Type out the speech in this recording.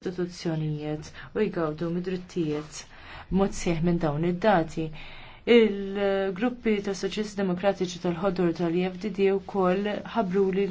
istituzzjonijiet u jgawdu mid-drittijiet mod sieħ minn dawn id-dati. Il-gruppi ta' Soċjist Demokratiċi tal-ħodur tal-FDD u koll ħabru li